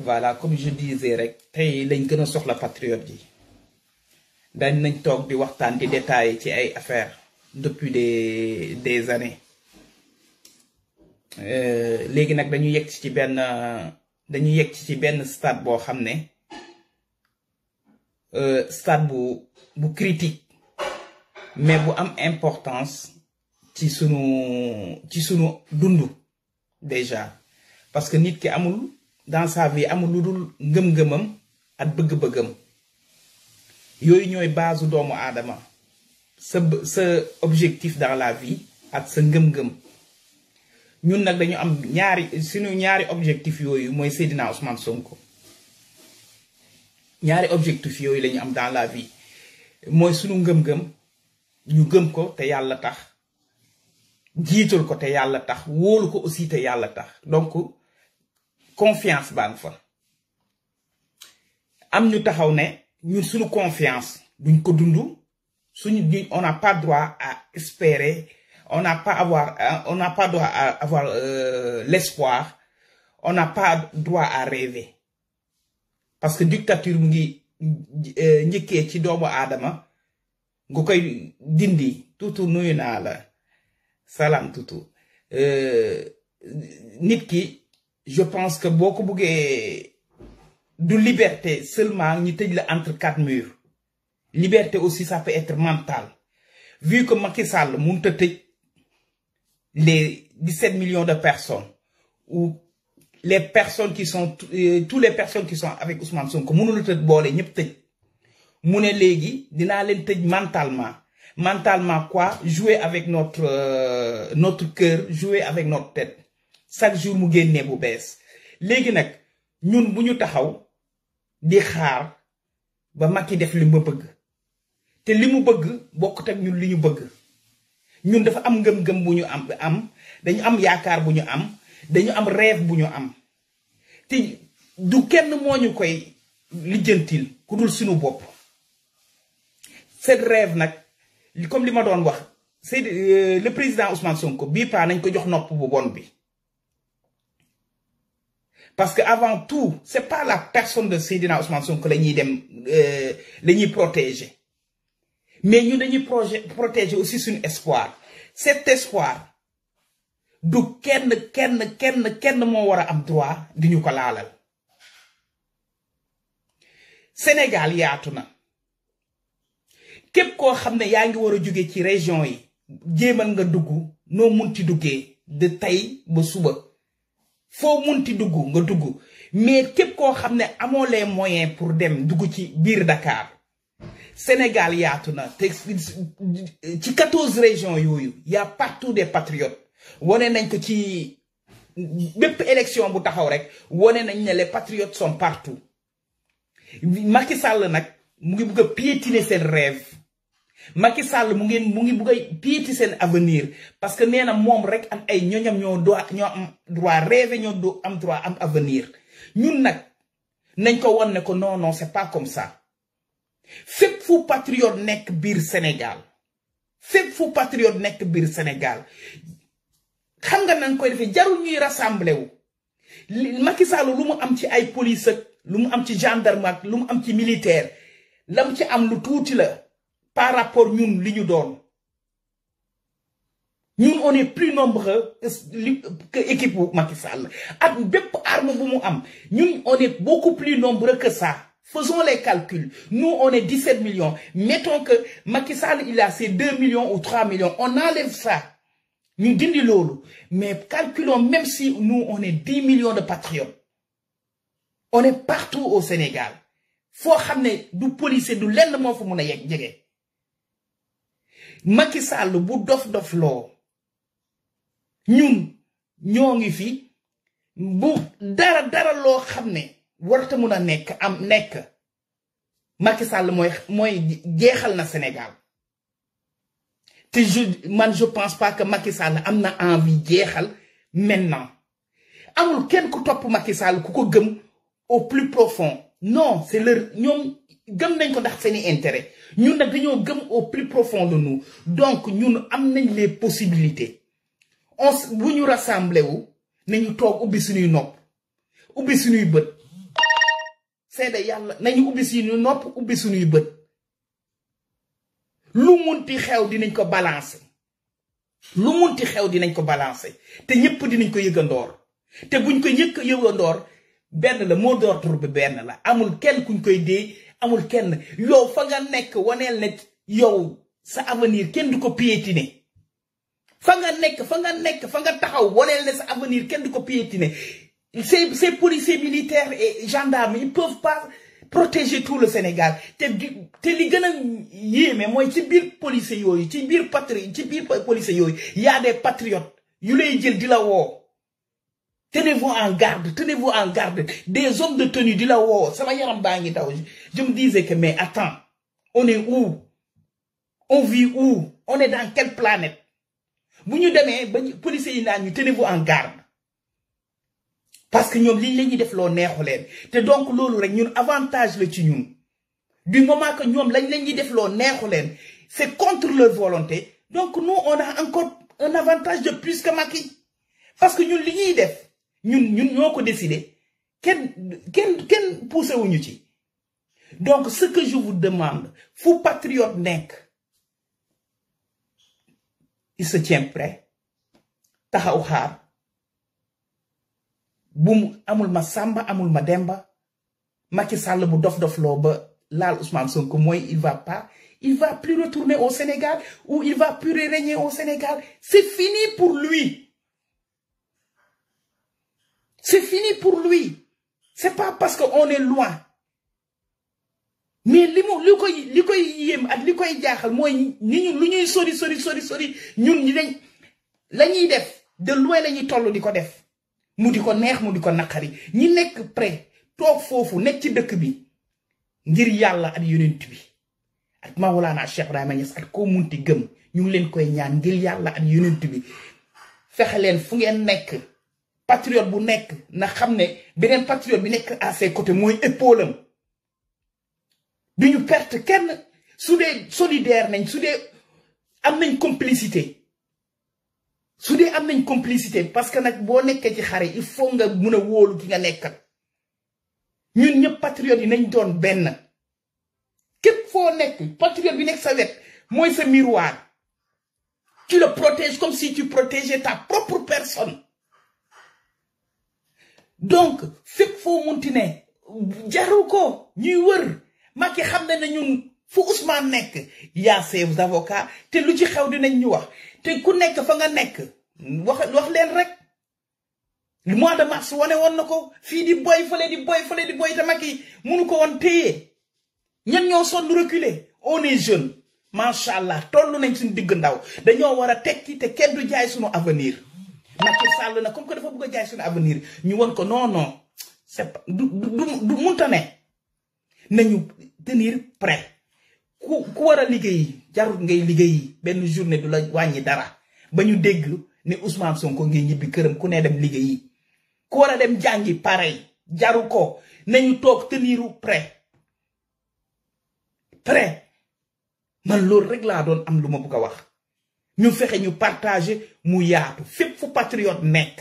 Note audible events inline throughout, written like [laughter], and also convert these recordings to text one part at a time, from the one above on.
voilà comme je disais rek tay lañ gën a soxla patriote yi dañ nañ tok di waxtaan di détailler ci ay affaires depuis des des années euh, légui nak dañu yegg ci ben dañu yegg ci ben stade bo xamné euh stade bu bu critique mais bu am importance ci sunu ci sunu dundu déjà parce que nit ki amul dans sa vie amul lu dul ngëm-ngëmam ak bëgg-bëggam yooyu ñooy baasu doomu aadama sa sa objectif dans la vie ak sa ngëm-ngëm ñun nag dañu am ñaari suñu ñaari objectif yooyu mooy Seydina Ousmane Sonko ñaari objectif yooyu lañu am dans la vie mooy sunu ngëm-ngëm ñu gëm ko te yàlla tax jiital ko te yàlla tax wóolu ko aussi te yàlla tax confiance bang. fa am ñu taxaw né ñun suñu confiance buñ ko dundu suñu on n'a pas droit à espérer on n'a pas avoir euh, on n'a pas droit à avoir euh, l'espoir on n'a pas droit à rêver parce que dictature ngi ñiké euh, ci doomu adama ngukay dindi tutu nuyu naa la salaam euh nit ki je pense que beaucoup de liberté seulement entre quatre murs liberté aussi ça peut être mental vu que Macky Sall les 17 millions de personnes ou les personnes qui sont euh, tous les personnes qui sont avec Ousmane Sonko mënul sommes mentalement mentalement quoi jouer avec notre euh, notre cœur jouer avec notre tête chaque jour mu génnee bu bees léegi nag ñun bu ñu taxaw di xaar ba Macky def li ma bëgg te li mu bëgg bokkut ak ñun li ñu bëgg ñun dafa am ngëm-ngëm bu ñu am am dañu am yaakaar bu ñu am dañu am rêve bu ñu am te du kenn moo ñu koy lijjantil ku dul suñu bopp seen rêve nag comme li ma doon wax c'est euh, le président Ousmane Sonko bii paa nañ ko jox nopp bu bon bi parce que avant tout c'est pas la personne de Seydina Ousmane Sonko que ñuy dem euh, la protéger mais nous dañuy protéger aussi suñu espoir cet espoir du kenn kenn kenn kenn moo war am droit di ñu ko Sénégal yaatu na képp koo xam ne yaa ngi war a jóge ci région yi jéemal nga dugg noo mun ci de taille ba suba Fou moun ti dougou, moun dougou. Me tepko hamne, amon le mwoyen pou dem dougou ki bir Dakar. Senegal ya atou nan. Ti 14 rejon yoyou. Ya patou de patriot. Wone nan yon te ki bep eleksyon an bouta hawrek. Wone nan yon le patriot son patou. Makisal nan mwen mwouke piye tine sen rev. Macky Sall mu ngeen mu ngi bëgg a sen avenir parce que néna mom rek ak ay ñoñam ñoo do ñoo am droit rêver ñoo do am droit am avenir ñun nak nañ ko won ko non non c'est pas comme ça fep fu patriote nek bir Sénégal fep fu patriote nek bir Sénégal xam nga nañ koy defee jarul ñuy rassemblé wu Macky Sall lu mu am ci ay police ak lu mu am ci gendarme ak lu mu am ci militaire lam ci am lu tuuti la par rapport à li nous doon on est plus nombreux que l'équipe de Makissal. on est beaucoup plus nombreux que ça faisons les calculs nous on est 17 millions mettons que Makissal, il a ses 2 millions ou 3 millions on enlève ça Nous dindi mais calculons même si nous on est 10 millions de patriotes on est partout au Sénégal Faut ramener du policier du lendemain faut mon Maki Sal, bo dof dof lo, nyon, nyon yifi, bo dara dara lo khamne, warte mounan nek, am nek, Maki Sal mwenye gyechal na Senegal. Ti jou, man jopans pa ke Maki Sal amna anvi gyechal mennan. Amlou, ken koutwa pou Maki Sal koukou gem ou plu profon? non c'est leur Nous, avons des ko Nous avons intérêt ñun au plus profond de nous donc nous avons les possibilités on bu Nous wu nañu nous Nous suñuy Nous Nous suñuy bët seede Nous suñuy nopp suñuy nous lu xew ko balancer lu nous xew ko balancer te ñépp dinañ ko yëgandoor te buñ ko nous ben le mot d'ordre ben la amul kenn kuñ koy dé amul kenn yow fa nga nek wonel ne yow sa avenir kenn du ko piétiner fa nga nek fa nga nek fa nga taxaw wonel sa avenir kenn du ko piétiner ces ces policiers militaires et gendarmes ils peuvent pas protéger tout le Sénégal té t'es li mais moi yéeme mooy ci bir policiers yoy ci bir patri ci biir yoy il y a des patriotes yu lay jël dila wo Tenez-vous en garde, tenez-vous en garde. Des hommes de tenue, du là, ça va y Je me disais que, mais attends, on est où? On vit où? On est dans quelle planète? Vous nous donnez, policiers, tenez-vous en garde. Parce que nous avons dit que nous avons donc, nous avons avantage le Du moment que nous avons fait c'est contre leur volonté. Donc, nous, on a encore un avantage de plus que Maki. Parce que nous avons fait nous ñun ñoo décider décidé kenn kenn pousser wuñu donc ce que je vous demande fou patriote nek, il se tient prêt taxaw bu amul ma Samba amul ma Demba Macky Sall bu dof-dof moi ba Ousmane Sonko il va pas il va plus retourner au Sénégal ou il va plus régner au Sénégal c'est fini pour lui C'est fini pour lui. C'est pas parce qu'on est loin. mais li mu li koy li koy yéem ak li koy jaaxal mooy ni ñu lu ñuy sori sori sori sori ñun ñi dañ la ñuy def de loin la ñuy toll di ko def mu di ko neex mu di ko naqari ñi nekk près toog foofu nekk ci dëkk bi ngir yàlla at yonent bi ak Mawlana Cheikh Ibrahima Niass ak koo munti gëm ñu ngi leen koy ñaan ngir yàlla ak yonent bi fexe leen fu ngeen nekk patriote bu nek na xam benen beneen patriote bi nek à ses côtés moy épaule biñu perte kenn soudé solidaire nañ soudé dee am nañ complicité soudé dee am nañ complicité parce que nak bo nek ci xare il faut nga mun a gi nga nekkal ñun ñëpp patriote yi nañ doon ben képp foo nek patriote bi nek sa wette moy sa miroir tu le protèges comme si tu protégeais ta propre personne donc fépp foo munti ne jaru ko ñuy wër Macky xam na ne ñun fu Ousmane nekk yaa ses avocats te lu ci xew nañ ñu wax te ku nekk fa nga nekk wax wax leen rek mois de mars wane woon na ko fii di boy fële di boy fële di boy te Macky munu ko woon téye ñan ñoo sonn reculer on est jeune macha allah toll nañ suñu digg ndaw dañoo war a tekki te kenn du jaay suñu avenir Macky Sall na comme que dafa bëgg a jaay suñu avenir ñu won ko noonoo non c'est du du du nañu tenir prêt ku ku war a liggéey jarul ngay liggéey benn journée du la wàññi dara ba ñu dégg ne Ousmane Sonko ngi ñibbi këram ku ne dem liggéeyi ku war a dem jàngi pareil jaru ko nañu toog teniru pre prêt man loolu rek laa doon am lu ma bëgg wax. Nous nous ñu partager mu yaatu fep fu patriote nek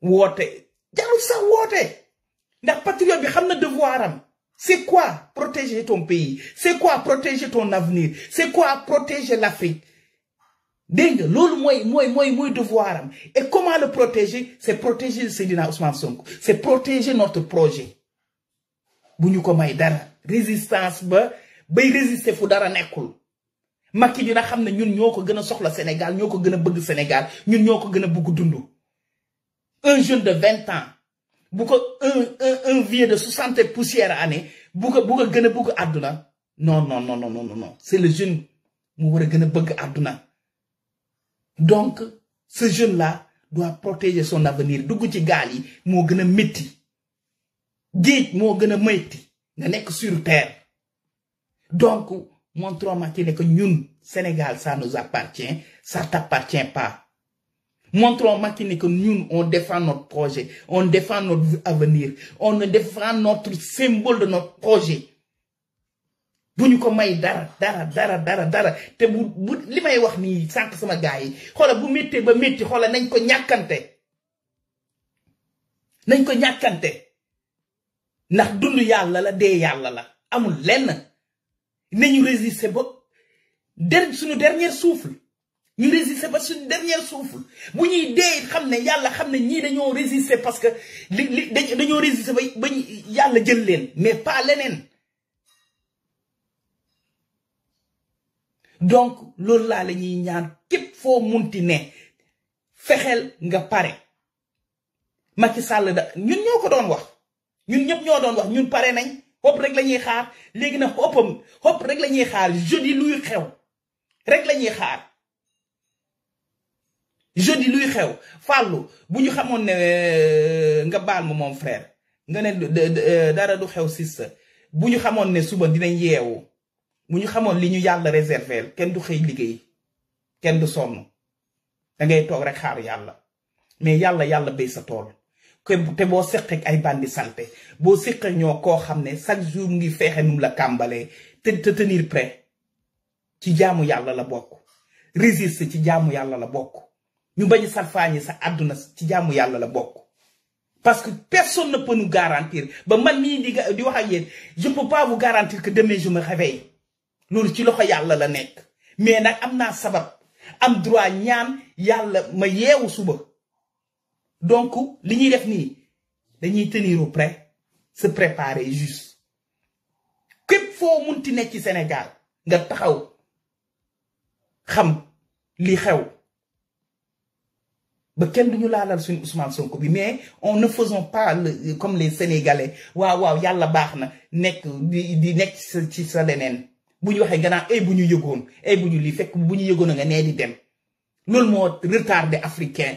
woote jarul sax woote ndax patriote bi xamna c'est quoi protéger ton pays c'est quoi protéger ton avenir c'est quoi protéger l'Afrique dégg lolu moy moy moy et comment le protéger c'est protéger Seydina Ousmane Sonko c'est protéger notre projet nous ko may dara résistance ba bay résister fu dara nekul Macky dina xam ñun ñoko gëna soxla Sénégal ñoko gëna bëgg Sénégal ñun ñoko gëna bëgg dundu un jeune de vingt ans bu ko un un un vieux de soixante poussière année bu ko bu ko gëna bëgg aduna non non non non non non c'est le jeune mu wara gëna bëgg aduna donc ce jeune là doit protéger son avenir dugg ci gal yi mo gëna metti dit mo gëna gën a nga sur terre donc montrons ma que ñun Sénégal ça nous appartient ça t'appartient pas montrons ma que ñun on défend notre projet on défend notre avenir on défend notre symbole de notre projet bu ñu ko may dara dara dara dara dara te bu bu li may wax ni, sànq sama gaay, yi xoola bu metti ba métti xoola nañ ko ñàkkante nañ ko ñàkkante ndax dundu yalla la dee yalla la amul lenn nous résister ba sur dernier souffle nous résister sur le dernier souffle nous avons ne la ne nous résister parce que nous avons résister mais pas gens. donc nous la ñuy ñaan képp faire nga pare Macky Sall nous ñun a doon pare Hope rek lañuy xaar léegi nag Hopam Hope rek la ñuy xaar jeudi luy xew rek la ñuy xaar jeudi luy xew fàllu bu ñu xamoon ne euh, nga baal ma moom frère nga ne euh, dara du xew sis bu ñu xamoon ne suba dinañ yeewu bu ñu xamoon li ñu yàlla réservel kenn du xëy liggéey kenn du sonn da ngay toog rek xaar yàlla mais yàlla yàlla bay sa tool. te boo seqeek ay bandi salté boo seqeek ñoo koo xam ne chaque jour ngi feexe num la kàmbalee te te tenir prêt ci jaamu yàlla la bokk résister ci jaamu yàlla la bokk ñu bañ ñi sa àdduna ci jaamu yàlla la bokk parce que personne na peut nous garantir ba man mii di di wax ak yéen je peux pas vous garantir que demain je me loolu ci loxo yàlla la nekk mais nag am naa sabab am droit ñaan yàlla ma yeewu suba donc ce fait, c'est dañuy tenir au prêt se préparer juste faut que Sénégal nga taxaw xam li xew ba kenn sais laalal ne Ousmane Sonko mais on ne faisons pas comme les Sénégalais Waouh, wa, yàlla baax nekk di nekk sa on ne, ay ay on africain.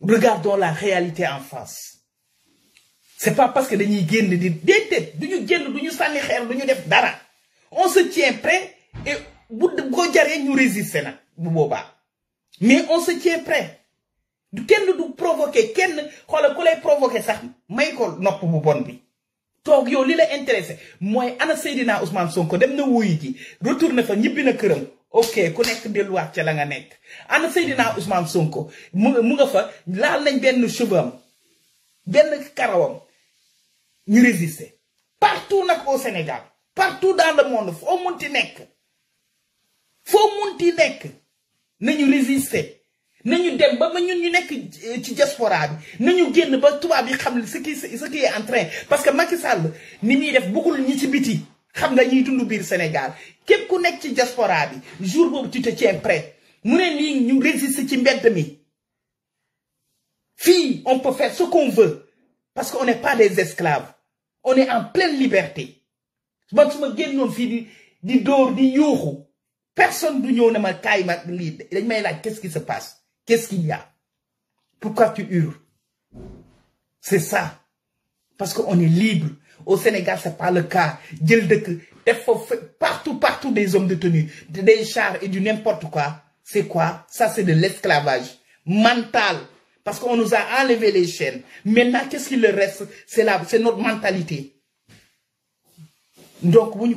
regardons la réalité en face c'est pas parce que dañuy génn di déedéet de nous dara on se tient prêt et ko résister mais on se tient prêt du kenn du provoquer kenn ku provoquer ça, may ko pas bu bi. intéressé ana Seydina Ousmane Sonko dem na fa ok ku nekk delluwaat ci la nga nekk ana Seydina Ousmane Sonko mu nga fa laal nañ benn partout au Sénégal partout dans le monde foo munti nekk foo munti nañu résister nañu dem ba ma ñun ñu nekk eh, ci diaspora bi nañu génn ba ce qui est en train parce que Macky Sall ni muy def fait ñi xam nga ñiy dund biir Sénégal képp ku nekk ci diaspora bi jour bobu tu te tiens prêt mu ne nii ñu résister ci mbedd mi Fille, on peut faire ce qu'on veut parce qu'on n'est pas des esclaves on est en pleine liberté ba suma ma fi di di dor di yuxu personne du ñëw na ma kay ma li dañ may laaj qu'est-ce qui se passe qu'est-ce qu'il y a pourquoi tu hurles c'est ça parce qu'on est libre au Sénégal, c'est pas le cas. Partout, partout des hommes détenus, des chars et du n'importe quoi. C'est quoi Ça, c'est de l'esclavage mental. Parce qu'on nous a enlevé les chaînes. Maintenant, qu'est-ce qu'il reste C'est notre mentalité. Donc, vous nous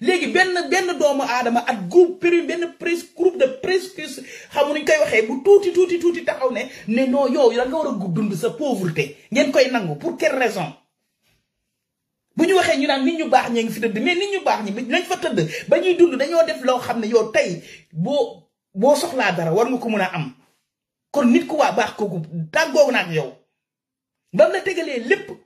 léegi benn benn doomu aadama ak groupe périm benn pres groupe de presque xam nuñ koy waxee bu tuuti tuuti tuuti taxaw ne ne noo yow da nga war a dund sa pauvreté ngeen koy nangu pour quelle raison bu ñu waxee ñu naan nit ñu baax ñee ngi fi tëdd mais nit ñu baax ñi nañ fa tëdd ba ñuy dund dañoo def loo xam ne yow tey boo boo soxlaa dara war nga ko mën a am kon nit ku waa baax ko kooku tàggoo naa ak yow bam la tegalee lépp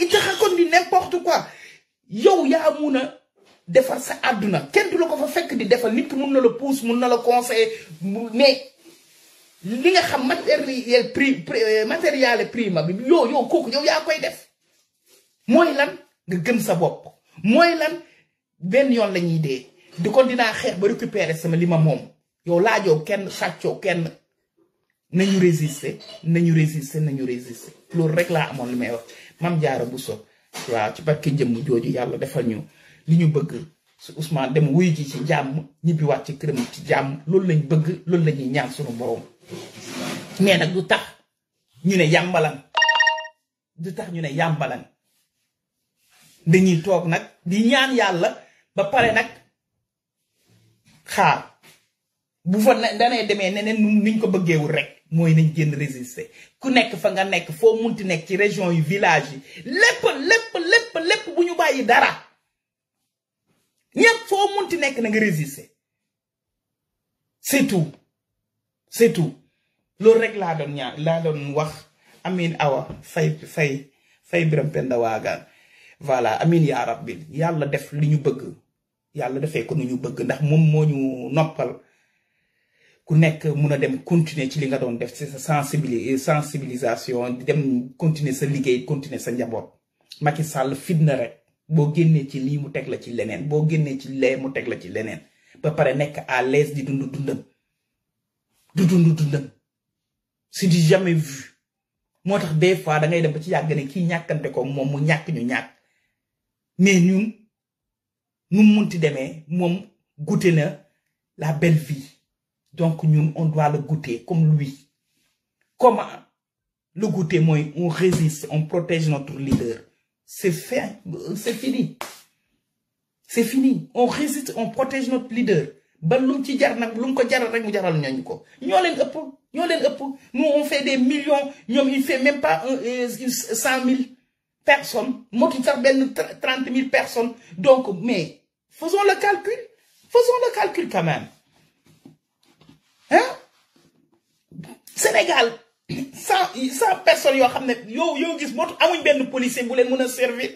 il te raconte du n'importe quoi yo y'a mouna a sa aduna. kenn du fa fek di pousse moun na la mais li nga matériel euh, matériel prima yo yo yow yo y'a koy def moi, lan nga gëm sa bop. Yo lan ben la yo di kon récupérer yo yo ken yo nañu résister nañu résister nañu résister loolu rek laa amoon li may wax Mame Diarra Bousso waaw ci barke jëmm jooju yàlla defal ñu li ñu bëgg su Ousmane dem wuyu ji ci jàmm ñibbiwaat ci këram ci jàmm loolu lañ bëgg loolu lañuy ñuy ñaan suñu borom mais nag du tax ñu ne yàmbalan du tax ñu ne yàmbalan dañuy toog nag di ñaan yàlla ba pare nag xaar bu fa danay demee neneen niñ ko bëggeewul rek mooy nañ génn résister ku nekk fa nga nekk foo mun munti nekk ci région yi village yi lépp lépp lépp bu ñu bàyyi dara ñëpp foo munti nekk na nga résister c'est tout loolu rek laa doon ñaa laa doon wax amin awa fay fay fay biram penda waagaan voilà amin yaa rabbi yàlla def li ñu bëgg yàlla defee ko nu ñu bëgg ndax moom moo ñu noppal nek nekk dem continuer ci li nga doon def ci sa sensibilisation dem continuer sa liggéey continuer sa njabot Macky Sall fitna rek bo génnee ci li mu teg la ci lenen bo génnee ci lee mu teg la ci lenen ba paré nek à l'aise di dund dundam du dund dundam c'est du jamais vu motax des fois da ngay dem ci yàgg ne kii ñàkkante ko mom mu ñak ñu ñak mais ñun nu munti démé mom goûté na la belle vie donc, nous, on doit le goûter comme lui. Comment le goûter, moi, on résiste, on protège notre leader. C'est fait, c'est fini. C'est fini. On résiste, on protège notre leader. Nous, on fait des millions. Nous, il ne fait même pas 100 euh, 000 euh, personnes. Moi, fait 30 000 personnes. Donc, mais faisons le calcul. Faisons le calcul quand même hein Sénégal cent cent personnes yo, xam yo, Yo gis mot, amuñ benn policier bu leen servir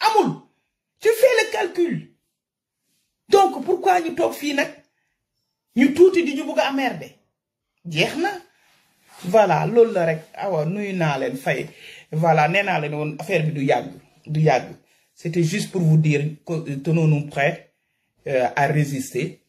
amul tu fais le calcul donc pourquoi ñu top fi, nak, ñu tuuti di ñu bugg a emmerder voilà loolu la rek awa ah nuyu naa l'en, fay voilà nee naa leen affaire bi du yag, du yag. c'était juste pour vous dire que euh, tenons-nous prêts euh, à résister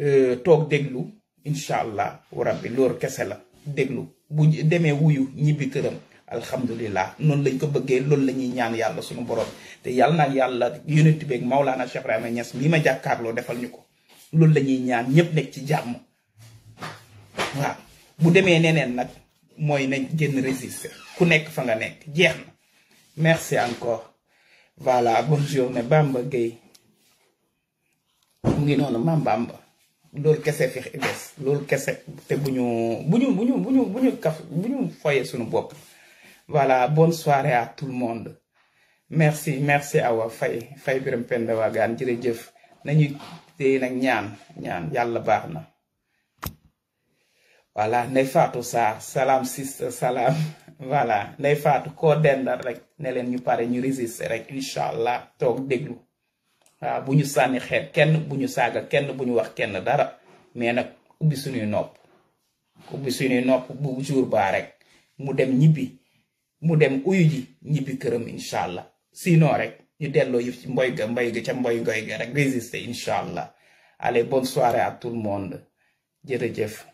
euh, Talk déglu incha allah rabbi loolu kese la déglu bu demee wuyu ñibbi këram alhamdulilah noonu lañ ko bëggee loolu la ñuy ñaan yàlla suñu borom te yàlla naan yàlla yonent beeg Maulana Cheikh Ibrahima Niass mii ma jàkkaarloo defal ñu ko loolu lañuy ñaan ñëpp nekk ci jàmm waaw bu demee neneen nag mooy na génn résister ku nekk fa nga nekk jeex na merci encore voilà bonne journée bàmb Gueye mu ngi noonu maam Bamba lool kessé fi des lool kessé té buñu buñu buñu buñu bu ñu bu kaf bu ñu suñu bop voilà bonne soirée à tout le monde merci merci à wa fay Faye Faye Birame Penda Wagan jërëjëf nañu té nak ñaan ñaan yalla baxna na voilà Ndeye Fatou Sarr salam sister salam [laughs] voilà Ndeye Fatou ko dendal rek ne len ñu paré ñu résister rek incha tok toog déglu waa bu ñu sànni xeet kenn bu ñu saaga kenn bu ñu wax kenn dara mais nag ubbi suñuy nopp ubbi suñuy nopp bu jour ba rek mu dem ñibbi mu dem uyu ji ñibbi këram incha allah sinon rek ñu delloo yëf ci mboy ga mbay ga ca mboy ngoy ga rek résister incha allah allez bonne soirée à tout le monde jërëjëf